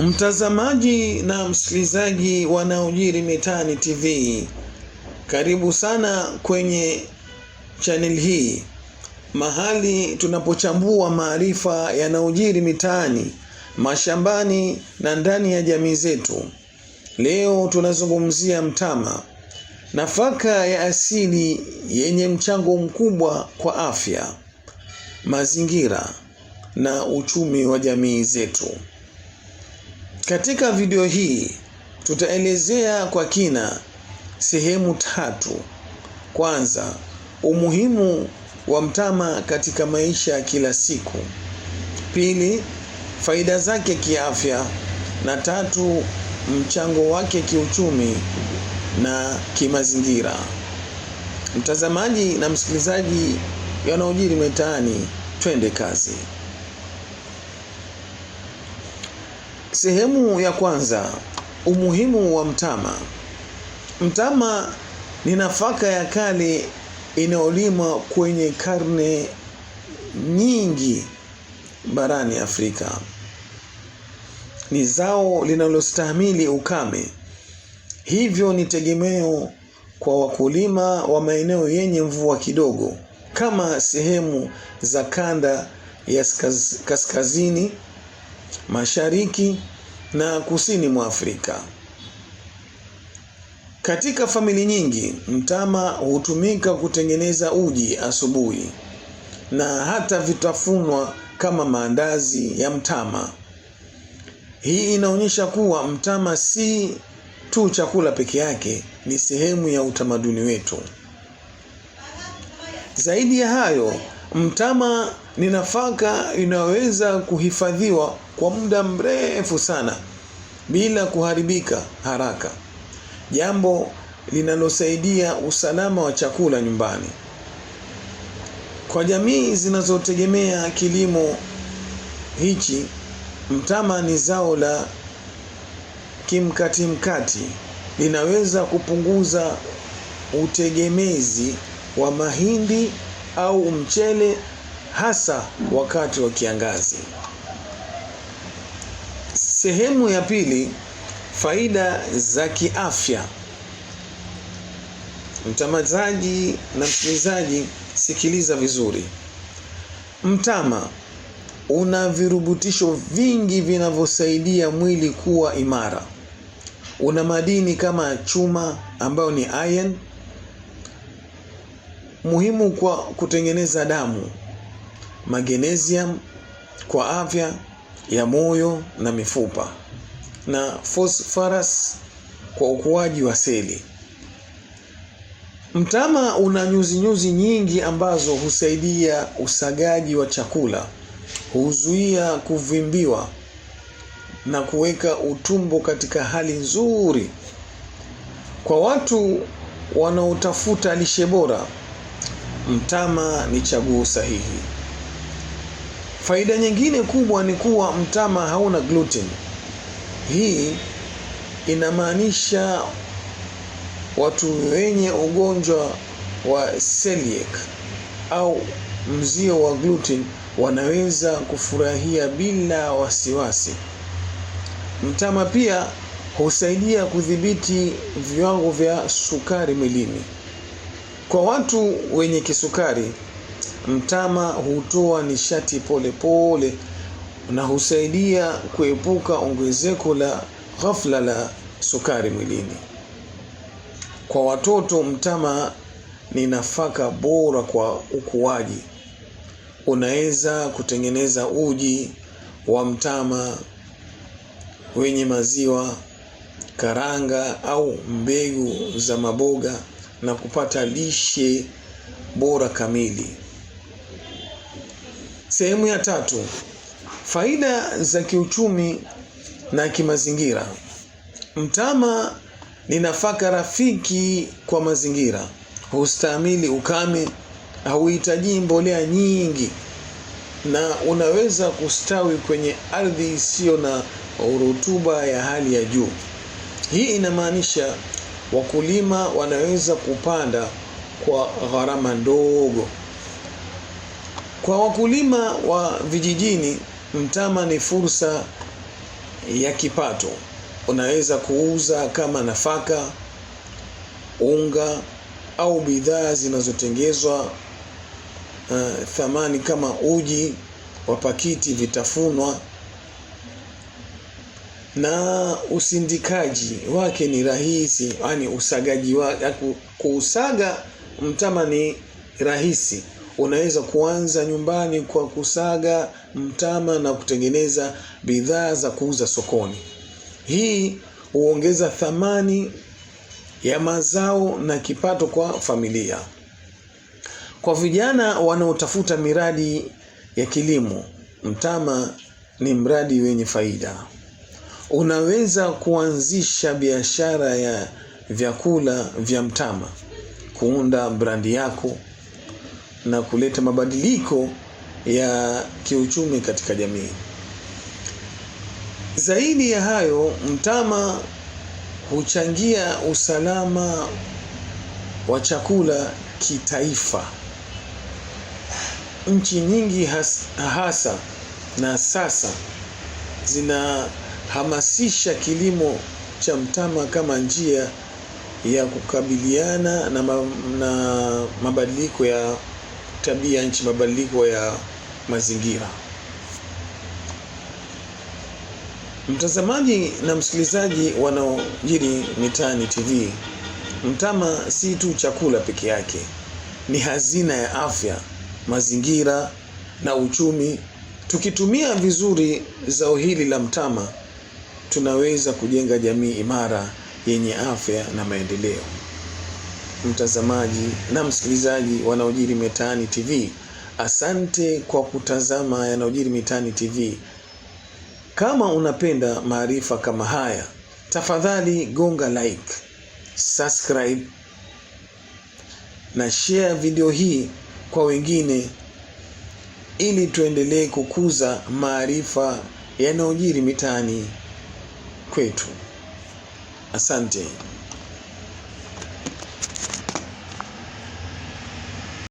Mtazamaji na msikilizaji wanaojiri mitaani TV, karibu sana kwenye chaneli hii, mahali tunapochambua maarifa yanayojiri mitaani, mashambani na ndani ya jamii zetu. Leo tunazungumzia mtama, nafaka ya asili yenye mchango mkubwa kwa afya, mazingira na uchumi wa jamii zetu. Katika video hii tutaelezea kwa kina sehemu tatu. Kwanza, umuhimu wa mtama katika maisha ya kila siku. Pili, faida zake kiafya na tatu, mchango wake kiuchumi na kimazingira. Mtazamaji na msikilizaji, yanayojiri mitaani, twende kazi. Sehemu ya kwanza, umuhimu wa mtama. Mtama ni nafaka ya kale inayolimwa kwenye karne nyingi barani Afrika. Ni zao linalostahimili ukame, hivyo ni tegemeo kwa wakulima wa maeneo yenye mvua kidogo kama sehemu za kanda ya kaskazini mashariki na kusini mwa Afrika. Katika famili nyingi, mtama hutumika kutengeneza uji asubuhi na hata vitafunwa kama maandazi ya mtama. Hii inaonyesha kuwa mtama si tu chakula peke yake, ni sehemu ya utamaduni wetu. Zaidi ya hayo, Mtama ni nafaka inayoweza kuhifadhiwa kwa muda mrefu sana bila kuharibika haraka, jambo linalosaidia usalama wa chakula nyumbani. Kwa jamii zinazotegemea kilimo hichi, mtama ni zao la kimkati mkati, linaweza kupunguza utegemezi wa mahindi au mchele hasa wakati wa kiangazi. Sehemu ya pili, faida za kiafya. Mtamazaji na msikilizaji, sikiliza vizuri. Mtama una virubutisho vingi vinavyosaidia mwili kuwa imara. Una madini kama chuma ambayo ni iron muhimu kwa kutengeneza damu, magnesium kwa afya ya moyo na mifupa, na phosphorus kwa ukuaji wa seli. Mtama una nyuzinyuzi nyingi ambazo husaidia usagaji wa chakula, huzuia kuvimbiwa na kuweka utumbo katika hali nzuri. Kwa watu wanaotafuta lishe bora mtama ni chaguo sahihi. Faida nyingine kubwa ni kuwa mtama hauna gluten. Hii inamaanisha watu wenye ugonjwa wa celiac au mzio wa gluten wanaweza kufurahia bila wasiwasi. Mtama pia husaidia kudhibiti viwango vya sukari mwilini. Kwa watu wenye kisukari, mtama hutoa nishati polepole pole, na husaidia kuepuka ongezeko la ghafla la sukari mwilini. Kwa watoto, mtama ni nafaka bora kwa ukuaji. Unaweza kutengeneza uji wa mtama wenye maziwa, karanga au mbegu za maboga na kupata lishe bora kamili. Sehemu ya tatu, faida za kiuchumi na kimazingira. Mtama ni nafaka rafiki kwa mazingira, hustahimili ukame, hauhitaji mbolea nyingi na unaweza kustawi kwenye ardhi isiyo na rutuba ya hali ya juu. Hii inamaanisha wakulima wanaweza kupanda kwa gharama ndogo. Kwa wakulima wa vijijini, mtama ni fursa ya kipato. Unaweza kuuza kama nafaka, unga au bidhaa zinazotengezwa uh, thamani kama uji wa pakiti, vitafunwa na usindikaji wake ni rahisi, yani usagaji wa, kuusaga mtama ni rahisi. Unaweza kuanza nyumbani kwa kusaga mtama na kutengeneza bidhaa za kuuza sokoni. Hii huongeza thamani ya mazao na kipato kwa familia. Kwa vijana wanaotafuta miradi ya kilimo, mtama ni mradi wenye faida. Unaweza kuanzisha biashara ya vyakula vya mtama, kuunda brandi yako na kuleta mabadiliko ya kiuchumi katika jamii. Zaidi ya hayo, mtama huchangia usalama wa chakula kitaifa. Nchi nyingi has, hasa na sasa zina hamasisha kilimo cha mtama kama njia ya kukabiliana na, ma, na mabadiliko ya tabia nchi, mabadiliko ya mazingira. Mtazamaji na msikilizaji wanaojiri mitaani TV, mtama si tu chakula peke yake, ni hazina ya afya, mazingira na uchumi. Tukitumia vizuri zao hili la mtama tunaweza kujenga jamii imara yenye afya na maendeleo. Mtazamaji na msikilizaji yanayojiri mitaani TV, asante kwa kutazama yanayojiri mitaani TV. Kama unapenda maarifa kama haya, tafadhali gonga like, subscribe na share video hii kwa wengine, ili tuendelee kukuza maarifa yanayojiri mitaani kwetu. Asante.